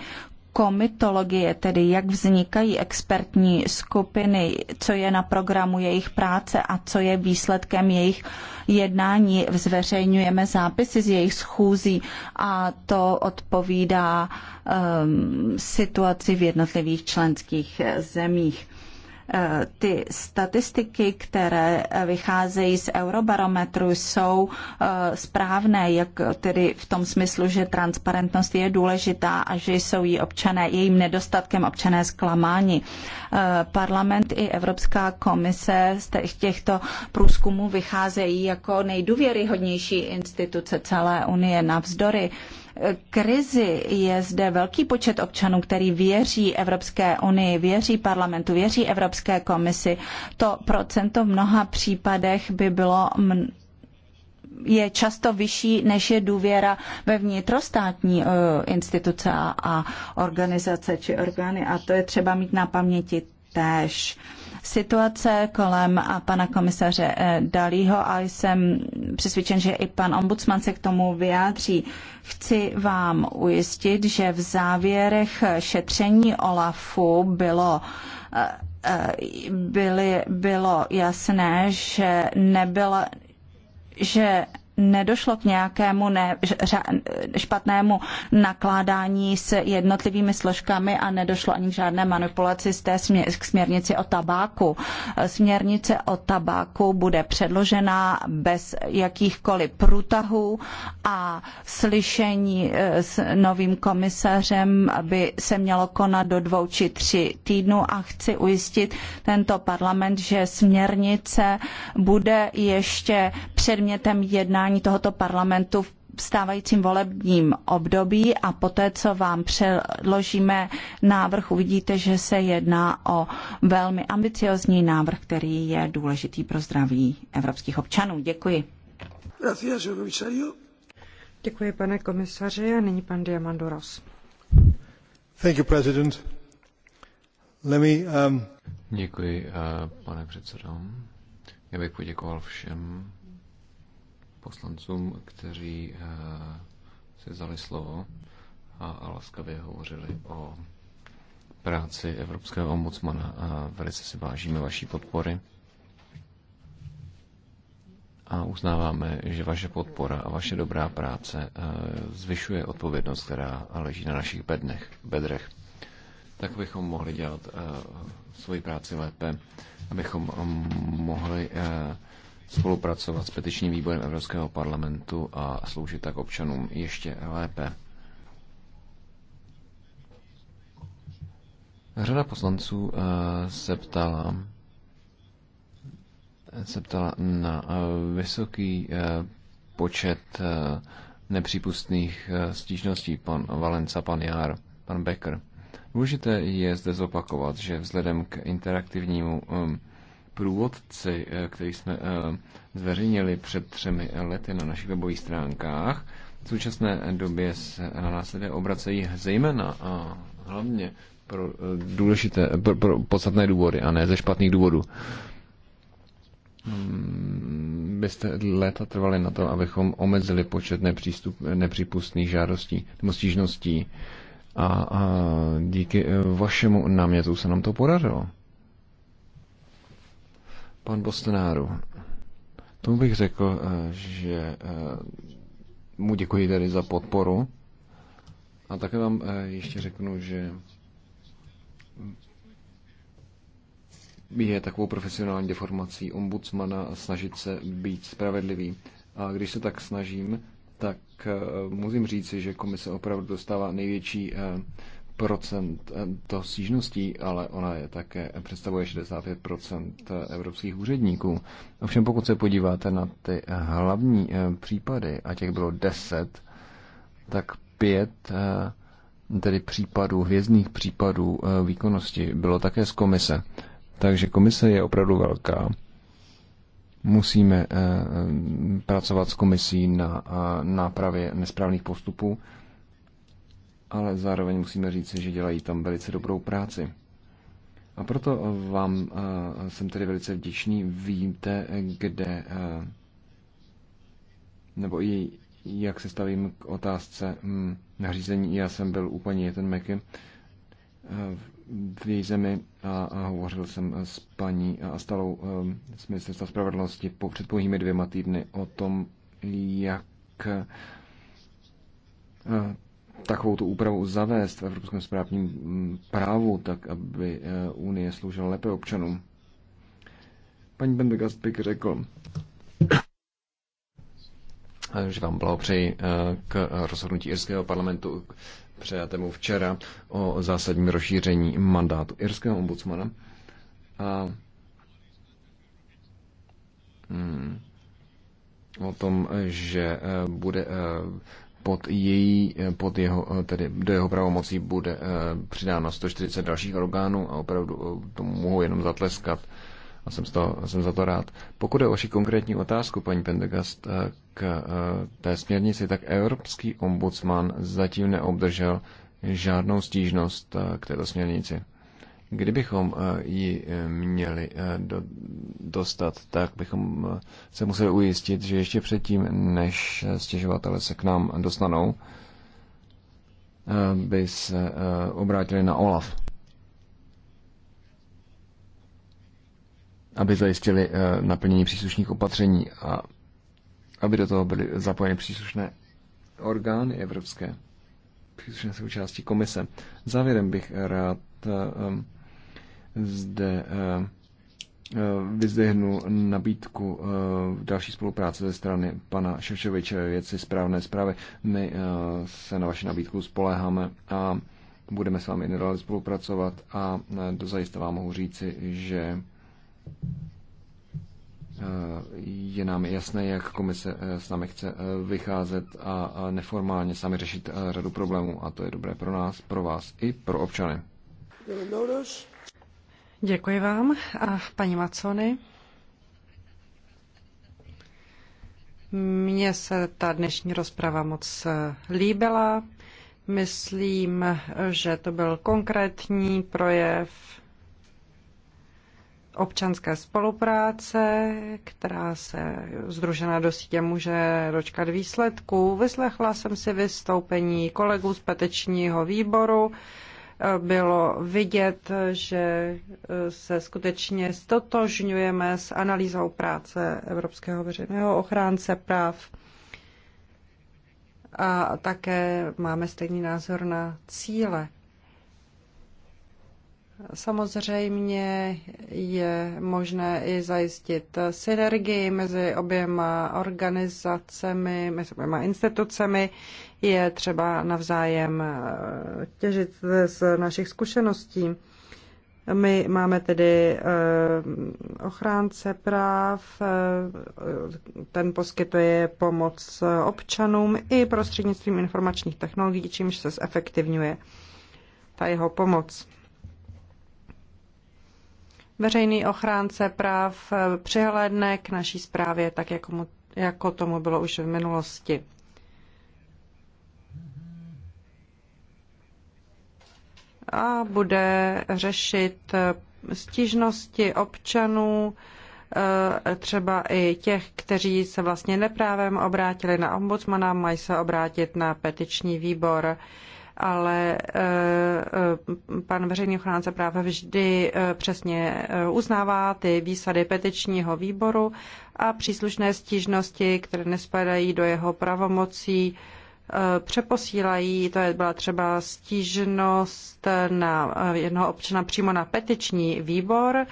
komitologie, tedy jak vznikají expertní skupiny, co je na programu jejich práce a co je výsledkem jejich jednání. Zveřejňujeme zápisy z jejich schůzí a to odpovídá um, situaci v jednotlivých členských zemích. Eh, ty statistiky, které eh, vycházejí z eurobarometru, jsou eh, správné, jak tedy v tom smyslu, že transparentnost je důležitá a že jsou jí občané, jejím nedostatkem občané zklamáni. Parlament i Evropská komise z těchto průzkumů vycházejí jako nejdůvěryhodnější instituce celé Unie navzdory krizi je zde velký počet občanů, který věří Evropské unii, věří parlamentu, věří Evropské komisi. To procento v mnoha případech by bylo je často vyšší, než je důvěra ve vnitrostátní e, instituce a organizace či orgány. A to je třeba mít na paměti též situace kolem a pana komisaře eh, Dalího a jsem přesvědčen, že i pan ombudsman se k tomu vyjádří. Chci vám ujistit, že v závěrech šetření OLAFu bylo eh, eh, byly, bylo jasné, že nebyla, že nedošlo k nějakému ne, špatnému nakládání s jednotlivými složkami a nedošlo ani k žádné manipulaci z té směr, k směrnici o tabáku. Směrnice o tabáku bude předložena bez jakýchkoliv průtahů a slyšení e, s novým komisařem by se mělo konat do dvou či tři týdnů a chci ujistit tento parlament, že směrnice bude ještě předmětem jednání tohoto parlamentu v stávajícím volebním období a poté, co vám předložíme návrh, uvidíte, že se jedná o velmi ambiciozní návrh, který je důležitý pro zdraví evropských občanů. Děkuji. Děkuji, pane komisaři. A nyní pan Diamandoros. Thank you, President. Let me, um... Děkuji, uh, pane předsedo. Já bych poděkoval všem poslancům, kteří eh, si vzali slovo a laskavě hovořili o práci Evropského ombudsmana a velice si vážíme vaší podpory a uznáváme, že vaše podpora a vaše dobrá práce eh, zvyšuje odpovědnost, která leží na našich bednech, bedrech. Tak bychom mohli dělat eh, svoji práci lépe, abychom mohli spolupracovat s petičním výborem Evropského parlamentu a sloužit tak občanům ještě lépe. Řada poslanců eh, se ptala, se ptala na eh, vysoký eh, počet nepřípustných stížností pan Valenca, pan Jár, pan Becker. Důležité je zde zopakovat, že vzhledem k interaktivnímu průvodci, eh, který jsme eh, zveřejnili před třemi lety na našich webových stránkách, v současné době se na nás lidé obracejí zejména a hlavně pro eh, důležité, pro, pro podstatné důvody a ne ze špatných důvodů. Mm, byste léta trvali na to, abychom omezili počet nepřístup, nepřípustných žádostí nebo stížností a, a díky vašemu námětu se nám to podařilo. Pan Bostonáru. tomu bych řekl, eh, že eh, mu děkuji tedy za podporu. A také vám eh, ještě řeknu, že je takovou profesionální deformací ombudsmana a snažit se být spravedlivý. A když se tak snažím, tak musím říci, že komise opravdu dostává největší Eh, to stížností, ale ona je také eh, představuje 65% eh, evropských úředníků. Ovšem pokud se podíváte na ty hlavní případy, a těch bylo 10, tak pět tedy případů, hvězdných případů výkonnosti bylo také z komise. Takže komise je opravdu velká. Musíme pracovat s komisí na nápravě nesprávných postupů ale zároveň musíme říct, že dělají tam velice dobrou práci. A proto vám eh, jsem tedy velice vděčný. Víte, kde eh, nebo i jak se stavím k otázce hm, nařízení. Já jsem byl u paní Jeten Meky v její zemi a, a hovořil jsem s paní a Stalou eh, z Ministerstva spravedlnosti po před pouhými dvěma týdny o tom, jak takovou tu úpravu zavést v evropském správním mm, právu, tak aby eh, Unie sloužila lépe občanům. Paní Bendegast bych řekl, že vám blahopřeji eh, k rozhodnutí irského parlamentu přejatému včera o zásadním rozšíření mandátu irského ombudsmana. A mm, o tom, že eh, bude pod, její, eh, pod jeho, eh, tedy do jeho pravomocí bude eh, přidáno 140 dalších orgánů a opravdu tomu mohu jenom zatleskat a jsem, z toho, jsem za to rád. Pokud je o vaši konkrétní otázku, paní Pendegast, k té směrnici, tak Evropský ombudsman zatím neobdržel žádnou stížnost k této směrnici. Kdybychom eh, ji eh, měli eh, dostat, tak bychom se museli ujistit, že ještě předtím, než stěžovatele se k nám dostanou, by se obrátili na OLAF. Aby zajistili naplnění příslušných opatření a aby do toho byly zapojeny příslušné orgány evropské, příslušné součástí komise. Závěrem bych rád zde eh, eh, vyzdehnu nabídku eh, další spolupráce ze strany pana Šešoviče věci správné zprávy. My se na vaši nabídku spoléháme a budeme s vámi i nadále spolupracovat a dozajista vám mohu říci, že je nám jasné, jak komise s námi chce vycházet a neformálně sami řešit řadu problémů a to je dobré pro nás, pro vás i pro občany. Děkuji vám. A paní Macony? Mně se ta dnešní rozprava moc líbila. Myslím, že to byl konkrétní projev občanské spolupráce, která se združená do sítě může dočkat výsledků. Vyslechla jsem si vystoupení kolegů z petečního výboru bylo vidět, že eh, se skutečně stotožňujeme s analýzou práce Evropského veřejného ochránce práv a také máme stejný názor na cíle Samozřejmě je možné i zajistit synergii mezi oběma organizacemi, mezi oběma institucemi. Je třeba navzájem eh, těžit z našich zkušeností. My máme tedy eh, ochránce práv, eh, ten poskytuje pomoc občanům i prostřednictvím informačních technologií, čímž se zefektivňuje ta jeho pomoc. Veřejný ochránce práv eh, přihlédne k naší zprávě, tak jako, mu, jako tomu bylo už v minulosti. A bude řešit eh, stížnosti občanů, eh, třeba i těch, kteří se vlastně neprávem obrátili na ombudsmana, mají se obrátit na petiční výbor ale eh, eh, pan veřejný ochránce práv vždy eh, přesně uznává ty výsady petičního výboru a příslušné stížnosti, které nespadají do jeho pravomocí, přeposílají, to je, byla třeba stížnost na jednoho občana přímo na petiční výbor,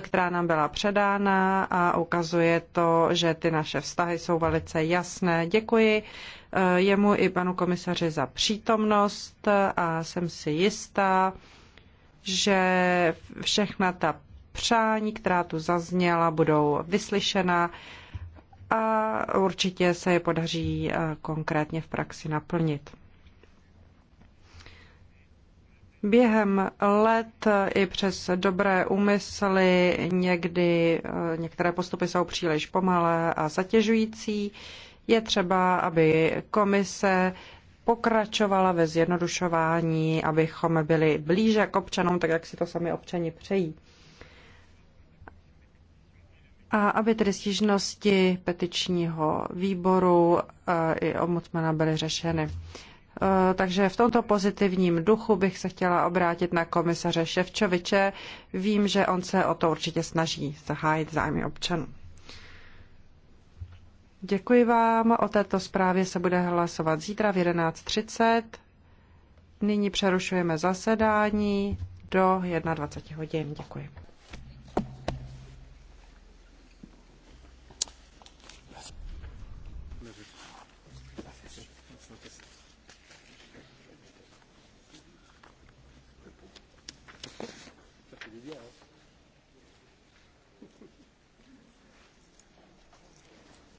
která nám byla předána a ukazuje to, že ty naše vztahy jsou velice jasné. Děkuji Eh, jemu i panu komisaři za přítomnost a jsem si jistá, že všechna ta přání, která tu zazněla, budou vyslyšena a určitě se je podaří eh, konkrétně v praxi naplnit. Během let i přes dobré úmysly někdy eh, některé postupy jsou příliš pomalé a zatěžující. Je třeba, aby komise pokračovala ve zjednodušování, abychom byli blíže k občanům, tak jak si to sami občani přejí. A aby tedy stížnosti petičního výboru eh, i ombudsmana byly řešeny. Eh, takže v tomto pozitivním duchu bych se chtěla obrátit na komisaře Ševčoviče. Vím, že on se o to určitě snaží zahájit zájmy občanů. Děkuji vám. O této zprávě se bude hlasovat zítra v 11.30. Nyní přerušujeme zasedání do 21 hodin. Děkuji.